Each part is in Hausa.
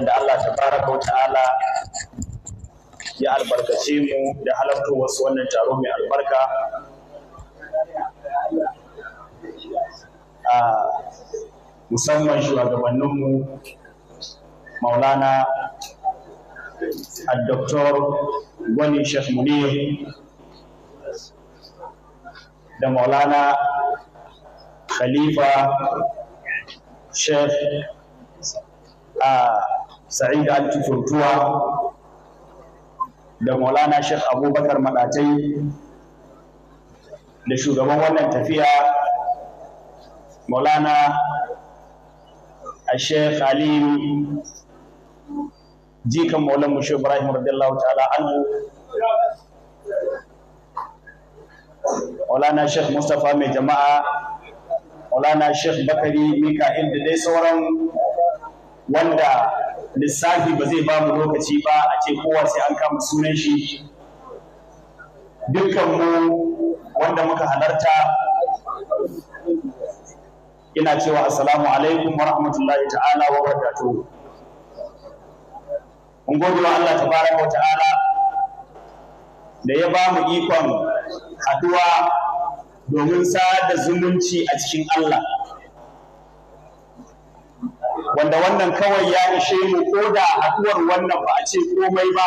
waɗanda Allah Ta tabaraka ta'ala ya albarkace mu da halartu wasu wannan taro mai albarka a musamman shugabanninmu maulana a doktor gwani sheikh munir da maulana khalifa sheikh a sa'id alti funtuwa da maulana shek abubakar maɗatai da shugaban wannan tafiya maulana a shek alim jikan maulan mushe ibrahim radiyallahu ta'ala anhu maulana shek mustapha mai jama'a maulana shek bakari mika'il da dai sauran wanda lissafi ba zai ba mu lokaci ba a ce kowa sai an kama sunan shi mu, wanda muka halarta ina cewa assalamu alaikum wa rahmatullahi ta'ala wa barakatuh mun gode wa Allah tabaraka wa ta'ala da ya ba mu ikon haduwa domin sa da zumunci a cikin Allah wanda wannan kawai ya ishe mu ko da haɗuwar wannan ba a ce komai ba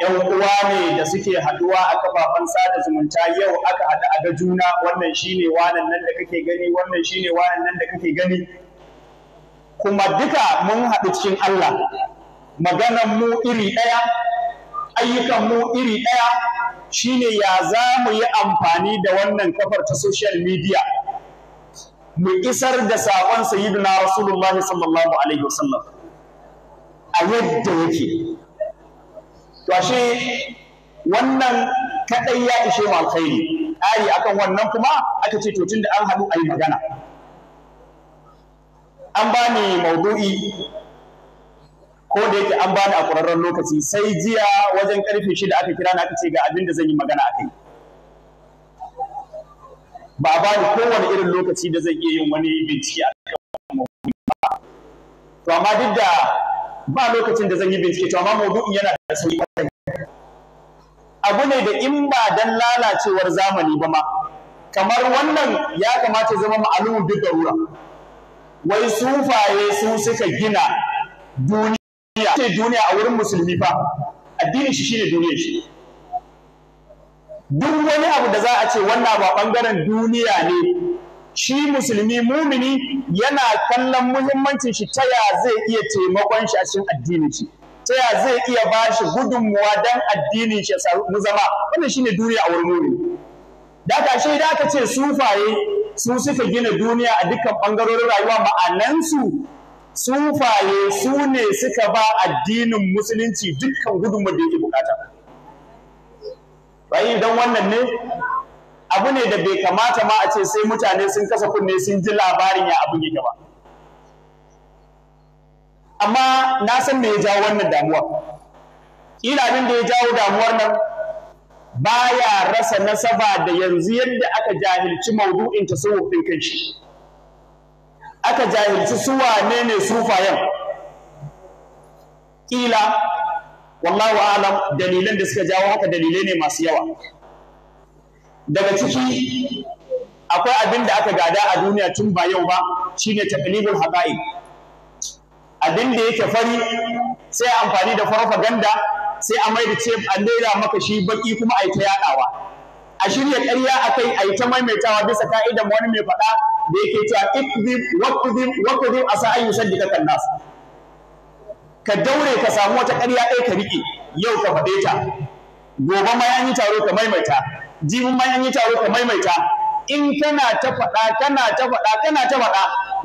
‘yan uwa ne da suke haɗuwa a kafafen sada zumunta yau aka hada a ga juna wannan shine wanan nan da kake gani wannan shine wanan nan da kake gani kuma duka mun haɗu cikin Allah maganan mu iri ɗaya ayyukan mu iri ɗaya shine ya za mu yi amfani da wannan kafar ta social media mu isar da saƙon sayyidina rasulullah sallallahu alaihi wasallam a yadda yake to ashe wannan kadai ya ishe mu alkhairi ari akan wannan kuma aka ce to tunda an haɗu ayi magana an bani maudu'i ko da yake an ba ni a ƙwararren lokaci sai jiya wajen karfe shida aka kira na aka ce ga abin da zan yi magana a kai. ba a bani kowane irin lokaci da zan iya yin wani bincike a kan ba to amma duk da ba lokacin da zan yi bincike to amma maudu'in yana da sauki abu ne da in ba dan lalacewar zamani ba ma kamar wannan ya kamata zama ma'alumin duk garura wai sufaye su suka gina duniya ce duniya a wurin musulmi fa addinin shi shine duniyar shi duk wani abu da za a ce wannan ba bangaren duniya ne shi musulmi mumini yana kallon muhimmancin shi ta ya zai iya taimakon shi a cikin addinin shi ta ya zai iya ba shi gudunmuwa dan addinin shi mu zama wannan shine duniya a wurin mumini da ka shi da aka ce sufaye su suka gina duniya a dukkan bangarorin rayuwa ma'anansu sufaye su ne suka ba addinin musulunci dukkan gudunmuwa da yake bukata bayi idan wannan ne abu ne da bai kamata ma a ce sai mutane sun kasa kunne sun ji labarin ya abu yake ba amma na san me ya jawo wannan damuwa kila abin da ya jawo damuwar nan baya rasa nasaba da yanzu yadda aka jahilci maudu'in tasawuf din shi, aka jahilci su wane ne sufayen kila wallahu alam dalilan da suka jawo haka dalilai ne masu yawa daga ciki akwai abin da aka gada a duniya tun ba yau ba shine taqlibul haqa'iq abin da yake fari sai amfani da propaganda sai a mai da ce an daida maka shi baki kuma ai ta yadawa a shirya ƙarya a ai ta maimaitawa bisa ka'idan wani mai faɗa da yake cewa ikdhib waqdhib waqdhib a an yusaddika kan nas ka daure ka samu wata ƙarya ɗaya ka riƙe yau ka faɗe ta gobe ma an yi taro ka maimaita jibin ma an yi taro ka maimaita in kana ta faɗa kana ta faɗa kana ta faɗa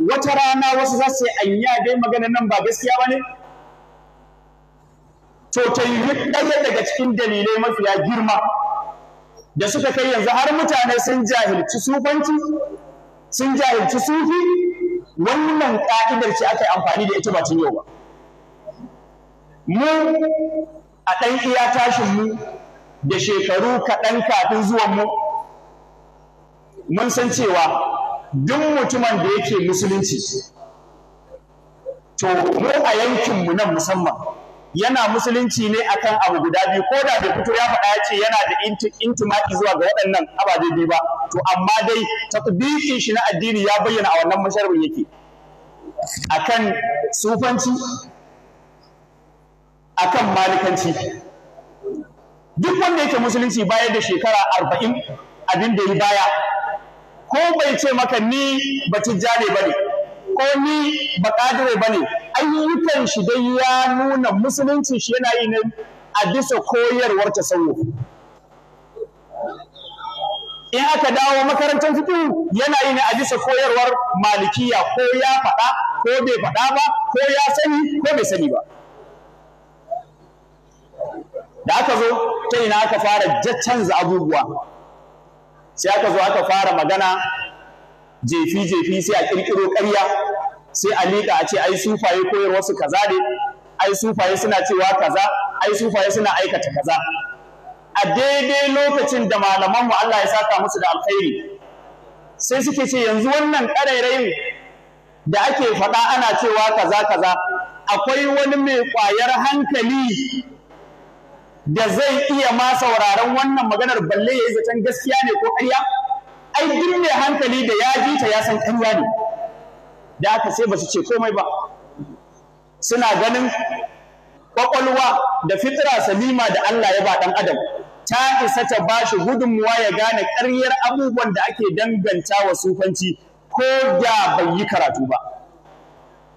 wata rana wasu za su yi anya dai maganar nan ba gaskiya ba ne to ta yi ɗaya daga cikin dalilai mafiya girma da suka kai yanzu har mutane sun jahilci sufanci sun jahilci sufi wannan ƙa'idar ce aka yi amfani da ita ba tun yau ba mu a ɗan iya tashin mu da shekaru kaɗan kafin zuwan mu mun san cewa duk mutumin da yake musulunci to mu a yankinmu nan musamman yana musulunci ne akan abu guda biyu ko da bai fito ya faɗa ya ce yana da intimaki zuwa ga waɗannan ababe biyu ba to amma dai tatbiqin shi na addini ya bayyana a wannan masharbin yake akan sufanci akan malikanci duk wanda yake musulunci bayar da shekara arba'in abin da ya baya ko bai ce maka ni ba tijjane ba ne ko ni ba kadire ba ne ayyukan shi dai ya nuna musulunci shi yana yi ne a bisa koyarwar ta tasawuf in aka dawo makarantar fiƙi yana yi ne a bisa koyarwar malikiya ko ya faɗa ko bai faɗa ba ko ya sani ko bai sani ba da aka zo ta ina aka fara canza abubuwa sai aka zo aka fara magana jefi-jefi sai a ƙirƙiro ƙarya sai a liƙa a ce ai sufaye koyarwa su kaza ne ai sufaye suna cewa kaza ai sufaye suna aikata kaza a daidai lokacin da malamanmu Allah ya saka musu da alkhairi sai suke ce yanzu wannan ƙarairayin da ake faɗa ana cewa kaza kaza akwai wani mai ƙwayar hankali da zai iya ma sauraron wannan maganar balle ya yi zaton gaskiya ne ko ƙarya ai duk mai hankali da ya ji ta ya san ƙarya ne da aka sai ba su ce komai ba suna ganin ƙwaƙwalwa da fitra salima da Allah ya ba ɗan adam ta isa ta ba shi gudunmuwa ya gane ƙaryar abubuwan da ake danganta wa sufanci ko da bai yi karatu ba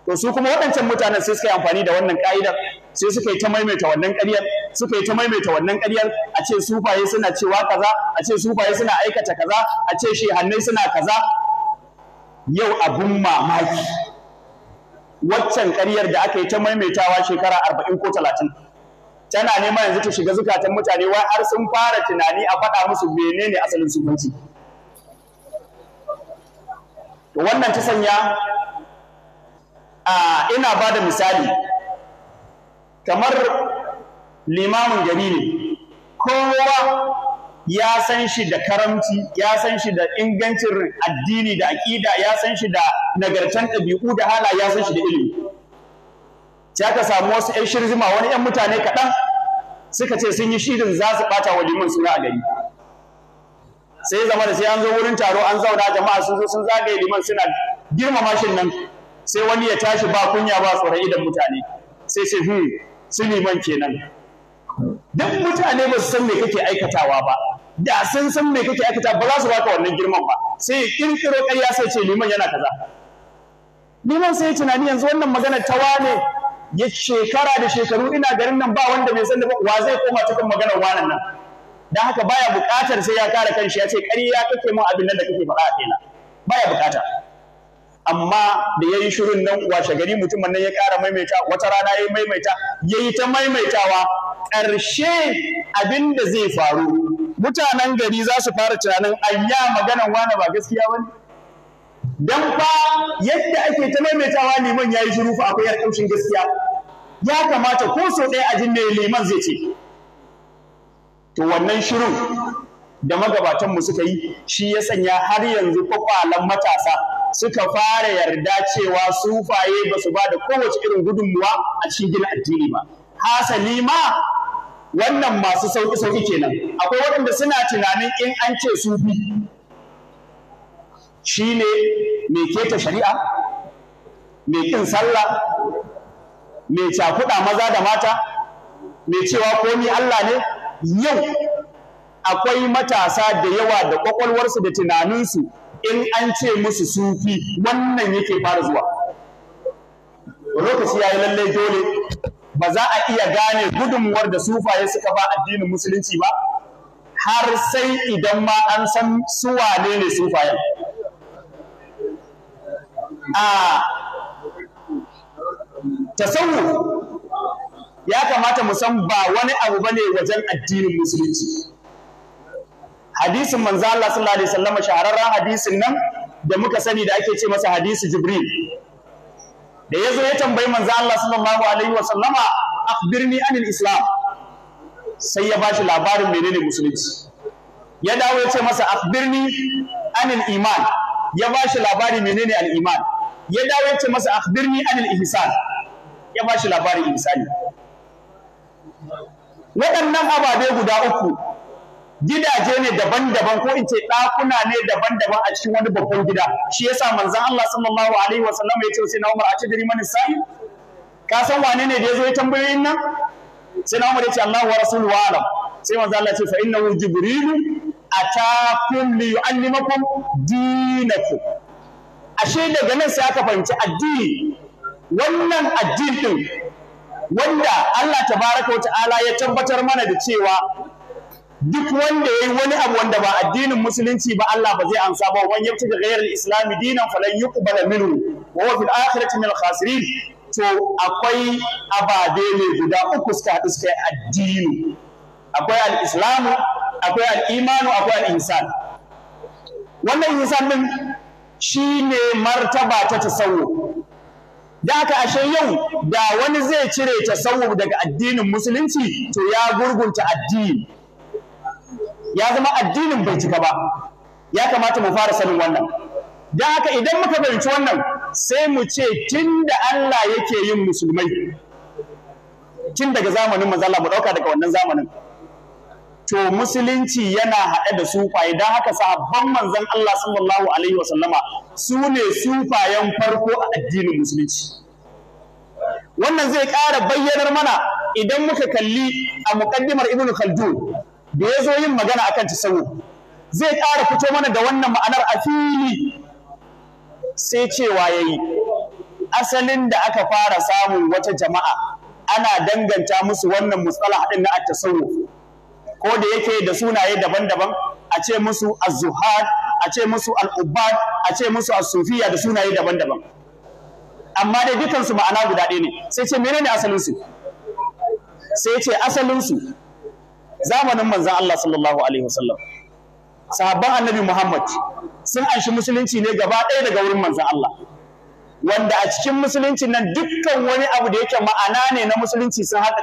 to su kuma waɗancan mutanen sai suka yi amfani da wannan ƙa'idar sai suka yi ta maimaita wannan ƙaryar suka yi ta maimaita wannan ƙaryar a ce sufaye suna cewa kaza a ce sufaye suna aikata kaza a ce shehannai suna kaza yau abun mamaki waccan ƙaryar da aka yi ta maimaitawa shekara arba'in ko talatin tana nema yanzu ta shiga zukatan mutane wai har sun fara tunani a faɗa musu menene asalin sufanci wannan ta sanya ina ba da misali kamar limamin gari ne kowa ya san shi da karamci ya san shi da ingancin addini da aƙida ya san shi da nagartan ɗabi'u da hala ya san shi da ilimi sai aka samu wasu 'yan shirzima wani 'yan mutane kaɗan suka ce sun yi shirin za su ɓata wa liman suna a gari sai zama da sai an zo wurin taro an zauna jama'a sun zo sun zagaye liman suna girmama shi nan sai wani ya tashi ba kunya ba tsoron idan mutane sai sai hu hmm, su liman kenan duk mutane ba su san me kake aikatawa ba da sun san me kake aikata ba za su baka wannan girman ba sai ya kirkiro ƙarya sai ce liman yana kaza liman sai ya tunani yanzu wannan magana ta wane ya shekara da shekaru ina garin nan ba wanda bai san da wa zai koma cikin magana wanan nan dan haka baya bukatar sai ya kare kanshi ya ce ƙarya kake mun abin nan da kake faɗa a kaina baya buƙata amma da ya yi shirin nan washe gari mutumin nan ya ƙara maimaita wata rana ya maimaita ya yi ta maimaitawa ƙarshe abin da zai faru mutanen gari za su fara tunanin ayya maganan wane ba gaskiya ba ne ba fa yadda ake ta maimaitawa liman ya yi shiru fa akwai ƙarshen gaskiya ya kamata ko so ɗaya a jin me liman zai ce to wannan shirin da magabatanmu suka yi shi ya sanya har yanzu kwakwalan matasa suka fara yarda cewa sufaye ba su ba da kowace irin gudunmuwa a cikin gina addini ba hasali ma wannan masu sauƙi sauƙi kenan akwai waɗanda suna tunanin in an ce sufi ne mai keta shari'a mai ƙin sallah mai cakuɗa maza da mata mai cewa komi Allah ne yau akwai matasa da yawa da ƙwaƙwalwarsu da tunaninsu in an ce musu sufi wannan yake fara zuwa lokaci yayi lalle dole ba za a iya gane gudunmuwar da sufaye suka ba addinin musulunci ba har sai idan ma an san su wane ne sufayen a tasawuf ya kamata mu san ba wani abu bane wajen addinin musulunci hadisin manzo Allah sallallahu alaihi wasallam shahararren hadisin nan da muka sani da ake ce masa hadisi jibril da yazo ya tambayi manzo Allah sallallahu alaihi wasallam akhbirni anil islam sai ya bashi labarin menene musulunci ya dawo ya ce masa akhbirni anil iman ya bashi labari menene al iman ya dawo ya ce masa akhbirni anil ihsan ya bashi labarin ihsani waɗannan ababe guda uku gidaje ne daban-daban ko in ce ɗakuna ne daban-daban a cikin wani babban gida shi yasa manzon Allah sallallahu alaihi wa sallam ya ce sai na Umar a cikin man sa'i ka san wane ne da yazo ya tambayoyin nan sai na Umar ya ce Allahu wa rasuluhu alam sai manzon Allah ya ce fa innahu jibrilu atakum li yu'allimakum dinakum ashe daga nan sai aka fahimci addini wannan ɗin wanda Allah tabaraka wa ta'ala ya tabbatar mana da cewa duk wanda yayi wani abu wanda ba addinin musulunci ba Allah ba zai amsa ba wani yabta ghayr al-islam dinan falan yuqbala minhu wa huwa fil akhirati min al-khasirin to akwai ababe ne guda uku suka haɗu suka yi addini akwai al akwai al akwai al wannan insan din shine martaba ta tasawuf da aka ashe yau da wani zai cire tasawuf daga addinin musulunci to ya gurgunta addini ya zama addinin bai cika ba ya kamata mu fara sanin wannan don haka idan muka fahimci wannan sai mu ce tun da Allah yake yin musulmai tun daga zamanin manzala mu ɗauka daga wannan zamanin to musulunci yana haɗe da sufaye don haka sahabban manzon Allah sallallahu alaihi wasallama su ne sufayen farko a addinin musulunci wannan zai ƙara bayyanar mana idan muka kalli a muƙaddimar ibnu khaldun da ya zo yin magana akan tasawu zai ƙara fito mana da wannan ma'anar a fili sai cewa ya yi. asalin da aka fara samun wata jama'a ana danganta musu wannan mustalah ɗin na at-tasawuf ko da yake da sunaye daban-daban a ce musu az-zuhad a ce musu al a ce musu as da sunaye daban-daban amma dai dukansu ma'ana guda ɗaya ne sai ce menene ne asalinsu? sai ce asalinsu. zamanin manzan Allah sallallahu alaihi wasallam sahabban annabi Muhammad sun anshi musulunci ne gaba ɗaya daga wurin manzan Allah wanda a cikin musulunci nan dukkan wani abu da yake ma'ana ne na musulunci sun haɗa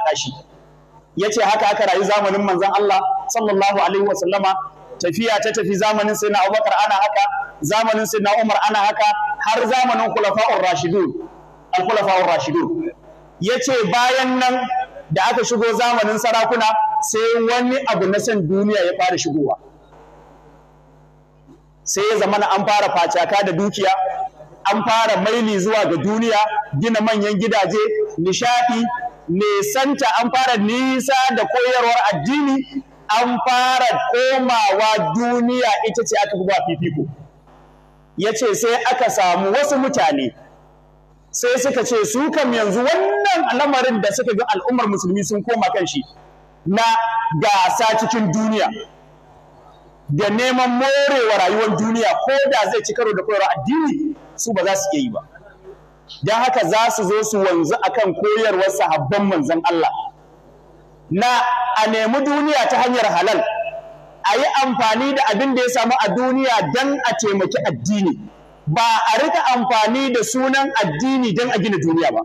Ya yace haka aka rayu zamanin manzan Allah sallallahu alaihi wasallama tafiya ta tafi zamanin sayyidina Abubakar ana haka zamanin sayyidina Umar ana haka har zamanin khulafa'ur rashidun al-khulafa'ur rashidun yace bayan nan da aka shigo zamanin sarakuna sai wani abu na san duniya ya fara shigowa sai ya zama an fara facaka da dukiya an fara maili zuwa ga duniya gina manyan gidaje nishaɗi nesanta an fara nisa da koyarwar addini an fara komawa duniya ita ce aka buga fifiko ya ce sai aka samu wasu mutane sai suka ce su kam yanzu wannan lamarin da suka ga al'ummar musulmi sun koma kan shi na gasa cikin duniya da neman morewa rayuwar duniya ko da zai ci karo da koyarwa addini su ba za su iya yi ba don haka za su zo su wanzu akan koyarwar sahabban manzon Allah na a nemi duniya ta hanyar halal a yi amfani da abin da ya samu a duniya don a taimaki addini ba a rika amfani da sunan addini don a gina duniya ba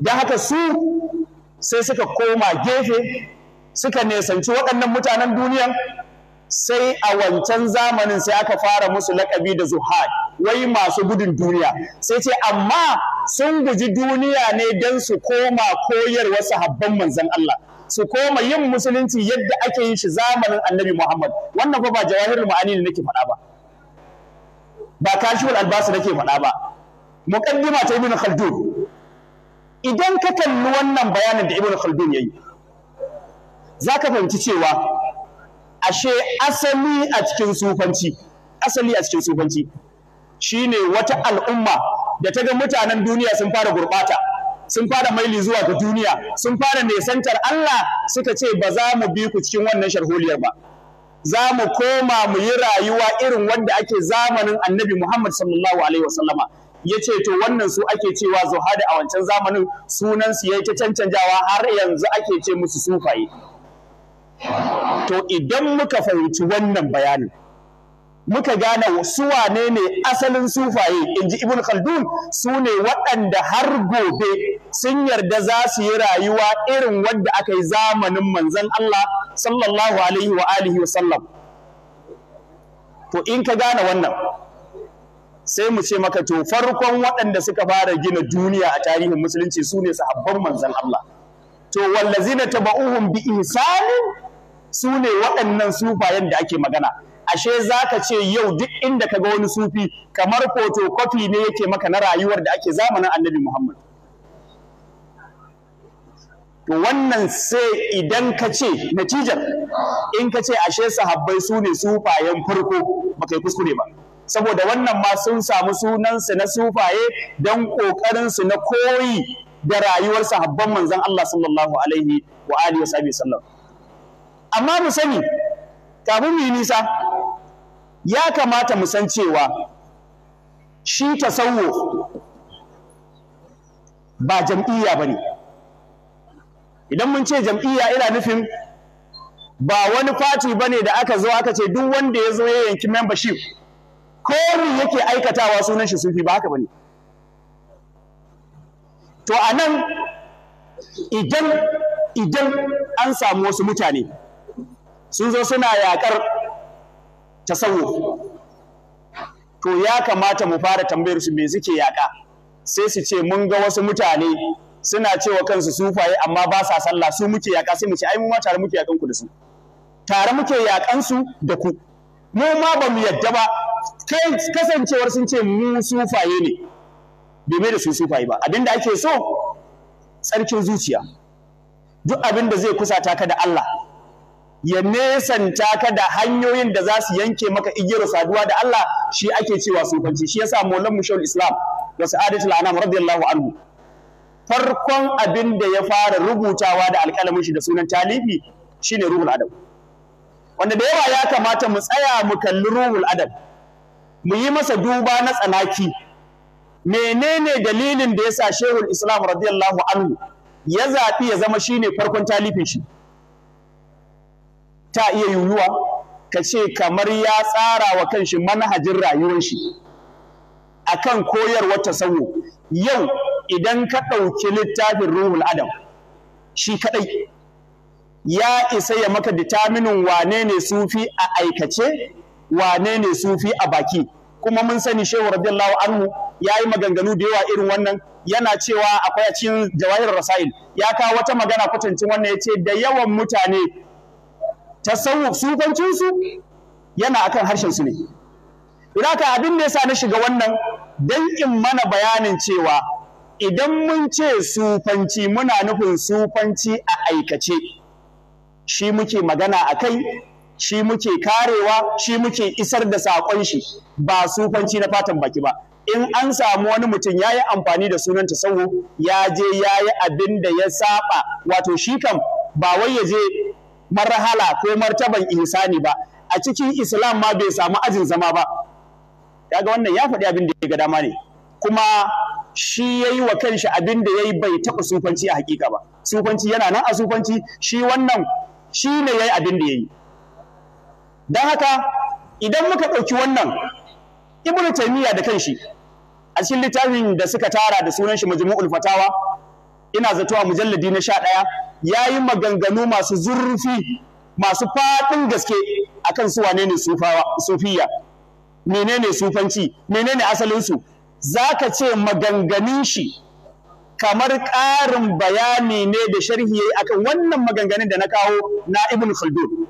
don haka su sai suka koma gefe suka nesanci waɗannan mutanen duniya, sai a wancan zamanin sai aka fara musu laƙabi da zuhad wai masu gudun duniya sai ce amma sun guji duniya ne don su koma wasu habban manzan Allah su koma yin musulunci yadda ake yi shi zamanin annabi Muhammad wannan fa ba jawahir ma'ani ne nake faɗa ba ba kashiful albasa nake faɗa ba muqaddima ta ibn khaldun idan ka kalli wannan bayanin da ibn khaldun yayi zaka fahimci cewa ashe asali a cikin sufanci asali a cikin sufanci shine wata al'umma da ta ga mutanen duniya sun fara gurbata sun fara maili zuwa ga duniya sun fara nesantar Allah suka ce ba za mu bi ku cikin wannan sharholiyar ba za mu koma mu yi rayuwa irin wanda ake zamanin annabi Muhammad sallallahu alaihi wasallama ya ce to wannan su ake cewa zuhada a wancan zamanin sunansu ya ta cancanjawa har yanzu ake ce musu sufaye to idan muka fahimci wannan bayanin muka gane su wane ne asalin sufaye inji ji ibn khaldun su ne waɗanda har gobe sun yarda za su yi rayuwa irin wanda aka yi zamanin manzon Allah sallallahu alaihi wa alihi wa to in ka gane wannan sai mu ce maka to farkon waɗanda suka fara gina duniya a tarihin musulunci su ne sahabban manzan Allah to wallazina ba'uhun bi ihsanin su ne waɗannan sufayen da ake magana ashe za ka ce yau duk inda ka ga wani sufi kamar kofi ne yake maka na rayuwar da ake zamanin Annabi Muhammad to wannan sai idan ka ce natijar in ka ce ashe sahabbai su ne sufayen farko baka yi kuskure ba saboda wannan ma sun samu sunansu na sufaye don ƙoƙarinsu na koyi da rayuwar sahabban manzon Allah sallallahu alaihi wa alihi wa sallam amma mu sani kafin mu yi nisa ya kamata mu san cewa shi tasawuf ba jam'iyya bane idan mun ce jam'iyya ina nufin ba wani fati bane da aka zo aka ce duk wanda ya zo ya yanki membership kori yake aikatawa sunan shi sufi ba haka bane to anan idan idan an samu wasu mutane sun zo suna yakar tasawuf to ya kamata mu fara tambayar su me suke yaka sai su ce mun ga wasu mutane suna cewa kansu sufaye amma ba sa sallah su muke yaka sai mu ce ai mu ma tare muke yakan ku da su tare muke yakan su da ku mu ma ba mu yadda ba kasancewar sun ce mu sufaye ne bai mai da su sufaye ba abinda ake so tsarkin zuciya duk abin da zai kusa taka da Allah ya nesanta ka da hanyoyin da za su yanke maka igiyar saduwa da Allah shi ake cewa sufanci shi yasa Maulan Mushawul Islam da Sa'adatul Anam radiyallahu anhu farkon abin da ya fara rubutawa da alƙalamin shi da sunan talifi shine ruhul adab wanda da yawa ya kamata mu tsaya mu kalli ruhul adab mu yi masa duba na tsanaki menene dalilin da yasa shehul islam radiyallahu anhu ya zaɓi ya zama shine farkon talifin shi ta iya yiwuwa ka ce kamar ya tsara wa kanshi manhajin rayuwar shi akan koyarwar sawo yau idan ka ɗauki littafin ruhul adam shi kaɗai ya isa ya maka bitaminin wane ne sufi a aikace wane ne sufi a baki kuma mun sani shehu radiyallahu anhu ya yi maganganu da yawa irin wannan yana cewa akwai a cikin jawahir rasail ya kawo wata magana kwatancin wannan ya ce da yawan mutane tasawuf sufancinsu yana akan harshen su ne idan ka abin da yasa na shiga wannan dan in mana bayanin cewa idan mun ce sufanci muna nufin sufanci a aikace shi muke magana akai shi muke karewa shi muke isar da saƙon shi ba sufanci na fatan baki ba in an samu wani mutum ya yi amfani da sunanta tasawu ya je ya yi abin da ya saba wato shi kam ba wai ya je marhala ko martaban insani ba a cikin islam ma bai samu ajin zama ba ga wannan ya faɗi abin da ya ga dama ne kuma shi ya yi wa kanshi abin da ya yi bai taɓa sufanci a hakika ba sufanci yana nan a sufanci shi wannan shi ne ya yi abin da ya yi don haka idan muka ɗauki wannan ibnu taymiya da kanshi a cikin littafin da suka tara da sunan shi majmu'ul fatawa ina zato a mujalladi na sha 11 yayi maganganu masu zurfi masu faɗin gaske akan su wane ne sufiya menene sufanci menene asalin su zaka ce maganganun shi kamar ƙarin bayani ne da sharhi yayi akan wannan maganganun da na kawo na ibnu khaldun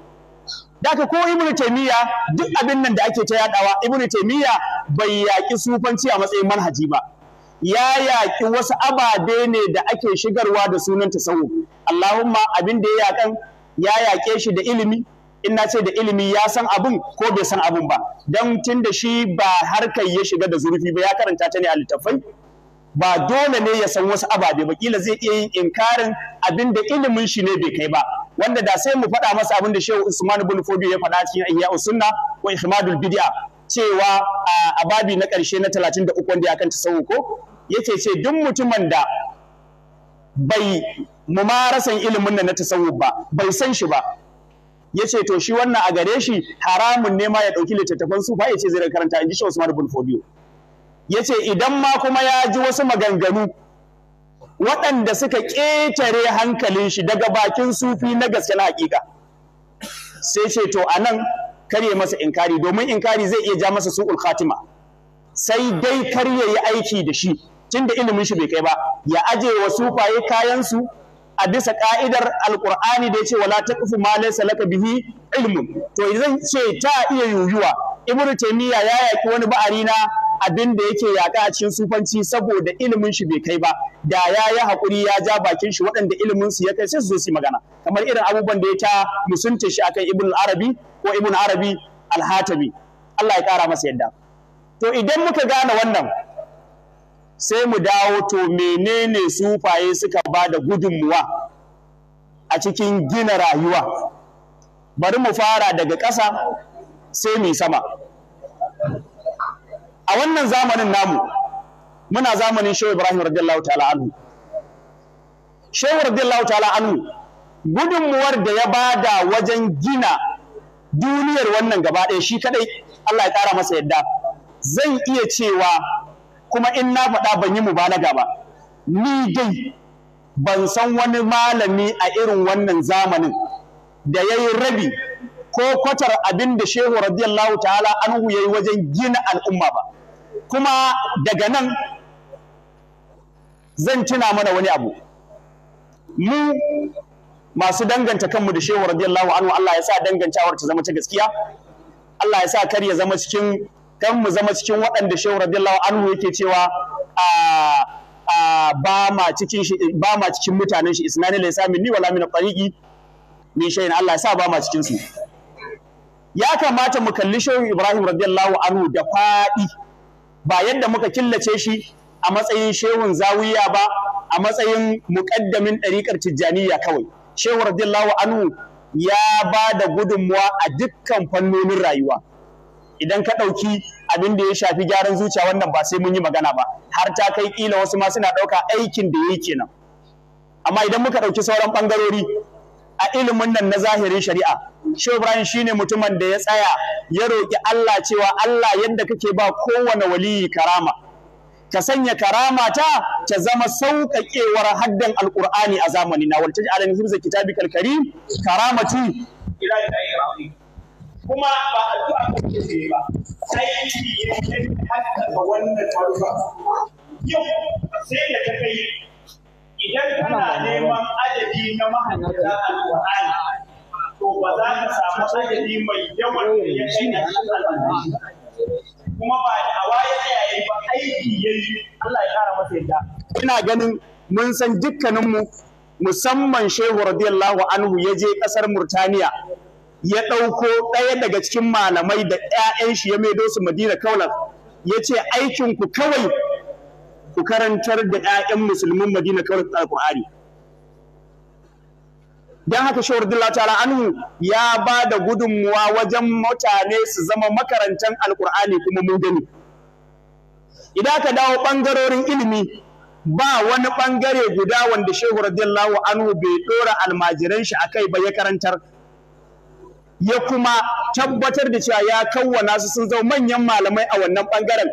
Daka ko Ibn Taimiyya duk abin nan da ake ta yaɗawa. Ibn Taimiyya bai yaƙi sufanci a matsayin manhaji ba. Ya yaƙi wasu ababe ne da ake shigarwa da sunan tasawuf. Allahumma abin da ya yaƙan ya yaƙe shi da ilimi in na ce da ilimi ya san abin ko bai san abin ba don tun da shi ba harkar ya shiga da zurfi ba ya karanta ta ne a littattafai ba dole ne ya san wasu ababe ba kila zai iya yin inkarin abin da ilimin shi ne bai kai ba wanda da sai mu faɗa masa abin da Shehu Usman ibn Fodio ya faɗa cikin Ihya Sunna wa Ihmadul Bid'a cewa a babi na ƙarshe na 33 wanda ya kan tasawuf ko Yace ce duk mutumin da bai mumarasan ilimin nan na tasawu ba bai san shi ba yace to shi wannan a gare shi haramun ne ma ya dauki littattafan sufa yace zai karanta inji Shehu Usman ibn Fodio yace idan ma kuma ya ji wasu maganganu waɗanda suka ƙetare hankalin shi daga bakin sufi na gaske na haƙiƙa sai ce to a nan karye masa inkari domin inkari zai iya ja masa su'ul khatima sai dai kar ya yi aiki da shi tunda ilimin shi bai kai ba ya aje wa sufaye kayansu a bisa ka'idar alqur'ani da yace wala taqfu ma laysa laka bihi ilmun to zai ce ta iya yuyuwa ibnu taymiya ya yaki wani ba'ari na abin da yake yaƙa a cikin sufanci saboda ilimin shi bai kai ba da ya yi haƙuri ya ja bakin shi waɗanda ilimin su ya kai sai su zo su magana kamar irin abubuwan da ya ta musunta shi akan ibn arabi ko ibn arabi alhatabi Allah ya ƙara masa yadda to idan muka gane wannan sai mu dawo to menene sufaye suka ba da gudunmuwa a cikin gina rayuwa bari mu fara daga ƙasa sai mu sama a wannan zamanin namu muna zamanin shehu ibrahim radiyallahu ta'ala anhu shehu radiyallahu ta'ala anhu gudunmuwar da ya bada wajen gina duniyar wannan gaba ɗaya shi kaɗai. Allah ya ƙara masa yadda zan iya cewa kuma in na faɗa ban yi mubalaga ba ni dai ban san wani malami a irin wannan zamanin da ya yi rabi ko kwatar abin da shehu radiyallahu ta'ala anhu ya yi wajen gina al'umma ba kuma daga nan zan tuna mana wani abu mu masu danganta kanmu da shehu radiyallahu anhu Allah ya sa dangancawar ta zama ta gaskiya Allah ya sa kar ya zama cikin kan mu zama cikin waɗanda shehu radiyallahu anhu yake cewa a ba ma cikin shi ba ma cikin mutanen shi isnani laysa minni wala min tariqi ni shay'in Allah ya sa ba ma cikin su ya kamata mu kalli shehu Ibrahim radiyallahu anhu da faɗi ba yadda muka killace shi a matsayin shehun zawiya ba a matsayin muƙaddamin ɗariƙar tijjaniya kawai shehu radiyallahu anhu ya ba da gudunmuwa a dukkan fannonin rayuwa idan ka ɗauki abin da ya shafi gyaran zuciya wannan ba sai mun yi magana ba har ta kai ƙila wasu ma suna ɗauka aikin da ya yi kenan amma idan muka ɗauki sauran ɓangarori a ilimin nan na zahirin shari'a shi Ibrahim shine mutumin da ya tsaya ya roƙi Allah cewa Allah yadda kake ba kowane waliyi karama ka sanya karama ta ta zama sauƙaƙewar haddan alƙur'ani a zamani na walta alam himza kitabikal karim karamati ila kuma ba addu'a kake ba sai yi ne wannan yau sai da kai idan kana neman adadi na mahaifiyar alƙur'ani to ba za ka samu adadi mai yawan da ya kai na kuma ba da hawa ya tsaya ba aiki ya yi Allah ya kara masa yadda ina ganin mun san dukkaninmu musamman shehu radiyallahu anhu ya je ƙasar murtaniya ya ɗauko ɗaya daga cikin malamai da 'ya'yan shi ya maido su madina kaulan ya ce aikinku kawai ku karantar da 'ya'yan musulmin Madina kawai Alƙur'ani dan haka Shawar Dilla ta ya ba da gudunmuwa wajen mutane su zama makarantar Alƙur'ani kuma mugani. gani idan aka dawo ɓangarorin ilimi ba wani ɓangare guda wanda shehu radiyallahu anhu bai ɗora almajiran shi akai ba ya karantar ya kuma tabbatar da cewa ya kawwana su sun zama manyan malamai a wannan ɓangaren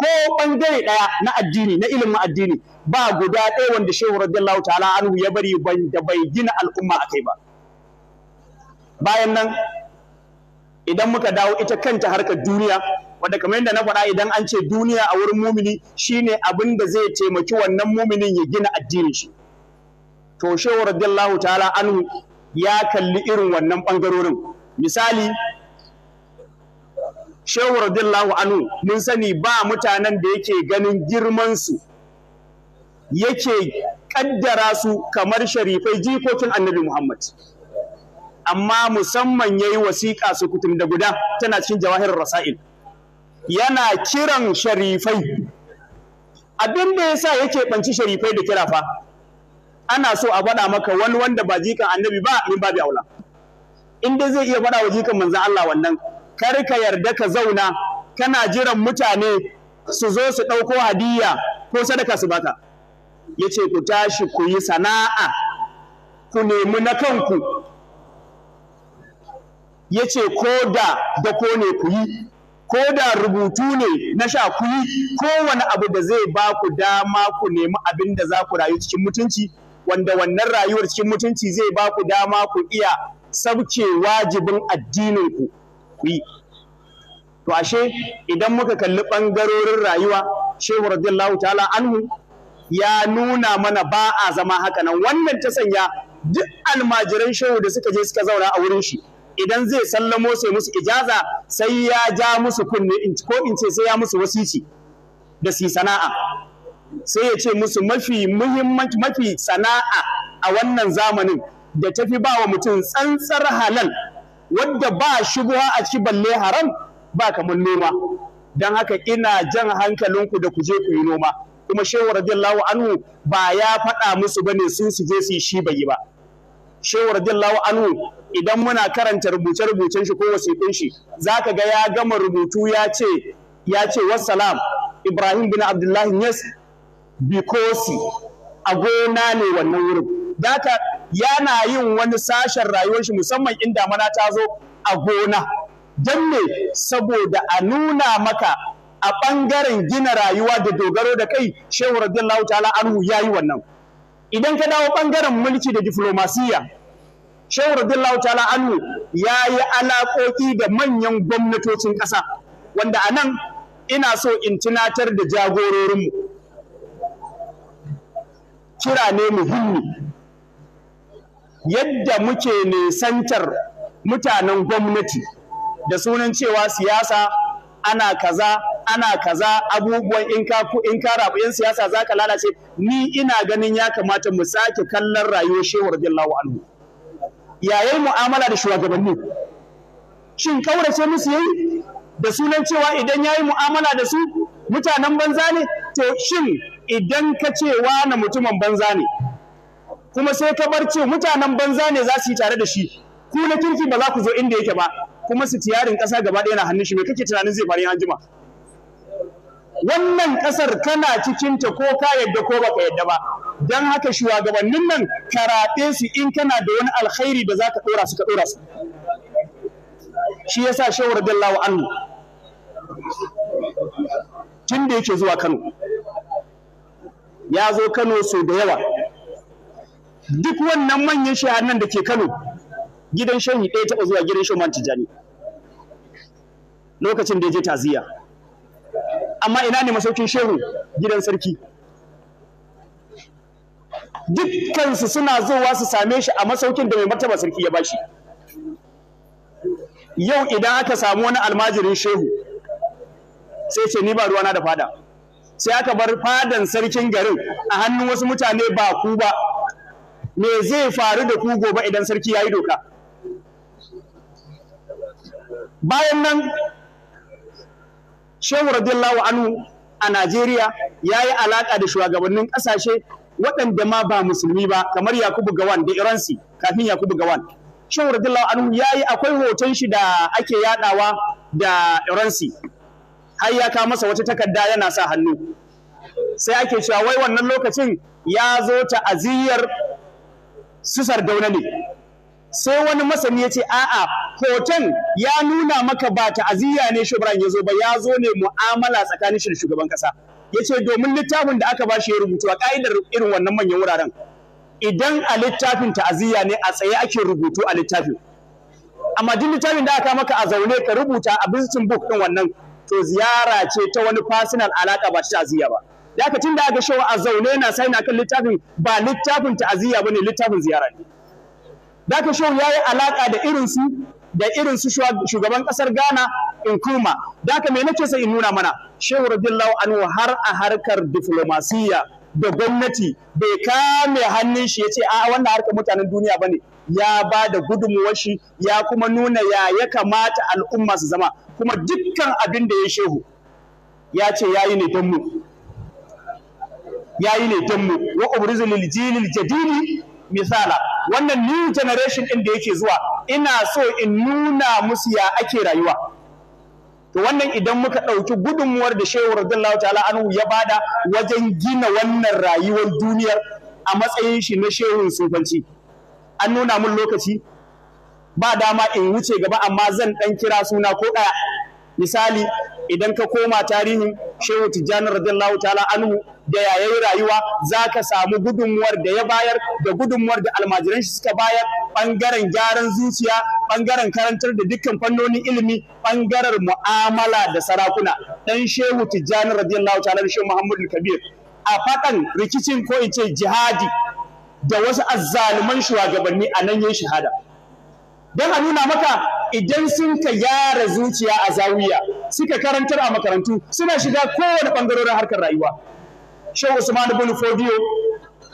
ko bangare daya na addini na ilimin addini ba guda ɗaya wanda shehu radiyallahu ta'ala anhu ya bari da bai gina al'umma a kai ba bayan nan idan muka dawo ita kanta harkar duniya wanda kamar yadda na faɗa idan an ce duniya a wurin mumini shine abin da zai taimaki wannan muminin ya gina addinin shi to shehu radiyallahu ta'ala anhu ya kalli irin wannan bangarorin misali shehu radiyallahu anhu mun sani ba mutanen da yake ganin girman su yake kaddara su kamar sharifai jikokin annabi Muhammad amma musamman yayi wasiƙa su kutum da guda tana cikin jawahir rasail yana kiran sharifai abin da yasa yake banci sharifai da kirafa, ana so a faɗa maka wani wanda ba jikan annabi ba min babu aula in dai zai iya faɗa wa jikan manzon Allah wannan kar ka yarda ka zauna kana jiran mutane su zo su ɗauko hadiyya ko sadaka su baka yace ku tashi ku yi sana'a ku nemi na kanku yace ko da da ko ne ku yi ko da rubutu ne na sha ku yi kowane abu da zai ba ku dama ku nemi abin da za ku rayu cikin mutunci wanda wannan rayuwar cikin mutunci zai ba ku dama ku iya sabke wajibin addininku kuyi to ashe idan muka kalli ɓangarorin rayuwa shehu radiyallahu ta'ala anhu ya nuna mana ba a zama haka nan wannan ta sanya duk almajiran shehu da suka je suka zauna a wurin shi idan zai sallamo sai musu ijaza sai ya ja musu kunne ko in ce sai ya musu wasici da si sana'a sai ya ce musu mafi muhimmanci mafi sana'a a wannan zamanin da tafi ba wa mutum tsantsar halal wadda ba shubuwa a ci balle haram ba kamar noma don haka ina jan hankalinku da ku je ku yi noma kuma shehu radiyallahu anhu ba ya faɗa musu ne sun su je su yi shi bai yi ba shehu radiyallahu anhu idan muna karanta rubuce rubucen shi ko wasikunshi, shi zaka ga ya gama rubutu ya ce ya ce wassalam Ibrahim bin Abdullahi Yes Bikosi a gona ne wannan wurin daka yana yin wani sashen rayuwar shi musamman in damana ta zo a gona don me saboda a nuna maka a ɓangaren gina rayuwa da dogaro da kai shehu radiyallahu ta'ala anhu ya yi wannan idan ka dawo ɓangaren mulki da diflomasiya shehu radiyallahu ta'ala anhu ya yi alaƙoƙi da manyan gwamnatocin ƙasa wanda a nan ina so in tunatar da jagororinmu kira ne muhimmi yadda muke nisantar mutanen gwamnati da sunan cewa siyasa ana kaza ana kaza abubuwan in ka in ka rabu yan siyasa zaka lalace ni ina ganin ya kamata mu sake kallon rayuwar shehu radiyallahu anhu yayin mu'amala da shugabanni shin kaurace musu yayi da sunan cewa idan yayi mu'amala da su mutanen banza ne to shin idan ka ce na mutumin banza ne kuma sai ka bar ce mutanen banza ne za su yi tare da shi ku na kirki ba za ku zo inda yake ba kuma su tiyarin ƙasa gaba ɗaya na hannun shi mai kake tunanin zai faru an wannan ƙasar kana cikin ta ko ka yadda ko baka yadda ba dan haka shugabannin nan karaɗe su in kana da wani alkhairi da ka ɗora su ka ɗora su shi yasa shehu radiyallahu anhu tun da yake zuwa Kano ya zo Kano sau da yawa duk wannan manyan nan da ke Kano gidan shehi ɗaya taɓa zuwa gidan shoman Tijjani lokacin da ya je taziya amma ina ne masaukin shehu gidan sarki dukkansu suna zowa su same shi a masaukin da mai martaba sarki ya bashi yau idan aka samu wani almajirin shehu sai ce ni ba ruwana da fada sai aka bar fadan sarkin garin a hannun wasu mutane ba ku ba me zai faru da ku gobe idan sarki ya yi doka bayan nan shehu radiyallahu anhu a najeriya ya yi alaƙa da shugabannin ƙasashe waɗanda ma ba musulmi ba kamar yakubu gawan da iransi kafin yakubu gawan shehu radiyallahu anhu ya yi akwai hoton shi da ake yaɗawa da iransi har ya kawo masa wata takarda yana sa hannu sai ake cewa wai wannan lokacin ya zo ta'aziyar. su sardauna ne sai wani masani ya ce a'a hoton ya nuna maka ba ta'aziyya ne shubran ya zo ba ya zo ne mu'amala tsakanin shi da shugaban kasa ya ce domin littafin da aka ba shi ya rubutu a ka'idar irin wannan manyan wuraren idan a littafin ta'aziyya ne a tsaye ake rubutu a littafin amma duk littafin da aka maka a zaune ka rubuta a visiting book ɗin wannan to ziyara ce ta wani personal alaka ba ta'aziyya ba da aka tun da aka shawo a zaune na sai na kan littafin ba littafin ta'aziyya ba ne littafin ziyara ne da aka shawo ya yi alaƙa da irinsu da irinsu shugaban ƙasar ghana Nkrumah da aka me nake sai in nuna mana shehu radiyallahu anhu har a harkar diflomasiyya da gwamnati bai kame hannun shi ya ce a wannan harkar mutanen duniya ba ne ya ba da gudunmuwar shi ya kuma nuna ya ya kamata al'umma su zama kuma dukkan abin da ya shehu ya ce ya yi ne don mu yayi ne dan mu wa ubrizu jilil misala wannan new generation din da yake zuwa ina so in nuna musu ya ake rayuwa to wannan idan muka ɗauki gudunmuwar da shehu radiyallahu ta'ala anhu ya bada wajen gina wannan rayuwar duniyar a matsayin shi na shehun sufanci an nuna mun lokaci ba dama in wuce gaba amma zan ɗan kira suna ko ɗaya misali idan ka koma tarihin shehu tijjani radiyallahu ta'ala anhu da yayayin rayuwa za ka samu gudunmuwar da ya bayar da gudunmuwar da almajiran shi suka bayar Bangaren gyaran zuciya bangaren karantar da dukkan fannonin ilimi ɓangaren mu'amala da sarakuna dan shehu tijjani radiyallahu ta'ala shehu muhammadu kabir a faɗan rikicin ko in ce jihadi da wasu azzaluman shugabanni a nan yin shahada don a nuna maka idan sun ka yara zuciya a zawiya suka karantar a makarantu suna shiga kowane ɓangarorin harkar rayuwa Shehu Usman bin Fodiyo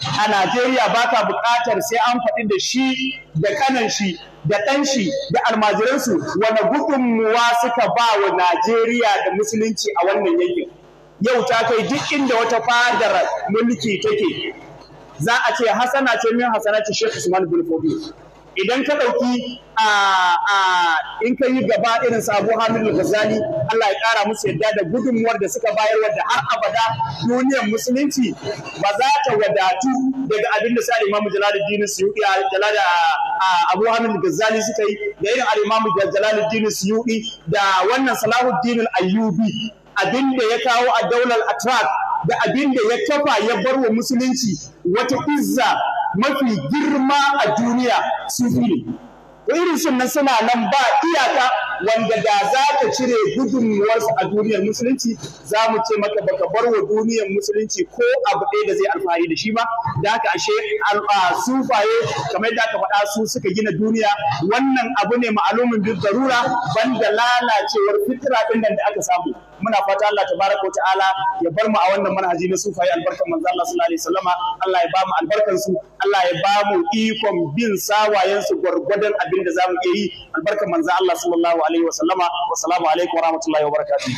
a Najeriya ba ta buƙatar sai an faɗi da shi da kanan shi da ɗan shi da almajiransu wani gudunmuwa suka ba wa Najeriya da musulunci a wannan yankin. Yau ta kai duk inda wata fadar mulki take za a ce hasana ce min hasana ce Shehu Usman bin Fodiyo. idan ka ɗauki in ka yi gaba irin su abu hamid Allah ya ƙara musu yadda da gudunmuwar da suka bayar wadda har abada duniyar musulunci ba za ta wadatu daga abin da sai imamu jalaluddin suyuɗi a jalada abu suka yi da irin al jalaluddin da wannan salahuddin Dinin ayyubi abin da ya kawo a daular atrak da abin da ya kafa ya bar wa musulunci wata izza mafi girma a duniya sufi ne irin sun nan suna nan ba iyaka wanda da za ka cire gudunmuwarsu a duniyar musulunci za mu ce maka baka bar wa duniyar musulunci ko abu ɗaya da zai alfahari da shi ba da haka ashe sufaye kamar da aka faɗa su suka gina duniya wannan abu ne ma'alumin duk garura banda lalacewar fitira ɗin da aka samu muna fata Allah tabaraka ta'ala ya bar mu a wannan manhaji na sufaye albarkan manzo Allah sallallahu alaihi wasallama Allah ya ba mu albarkan su Allah ya ba mu ikon bin sawayen su gwargwadon abin da zamu iya yi albarkan manzo Allah sallallahu alaihi wasallama wa alaikum warahmatullahi wabarakatuh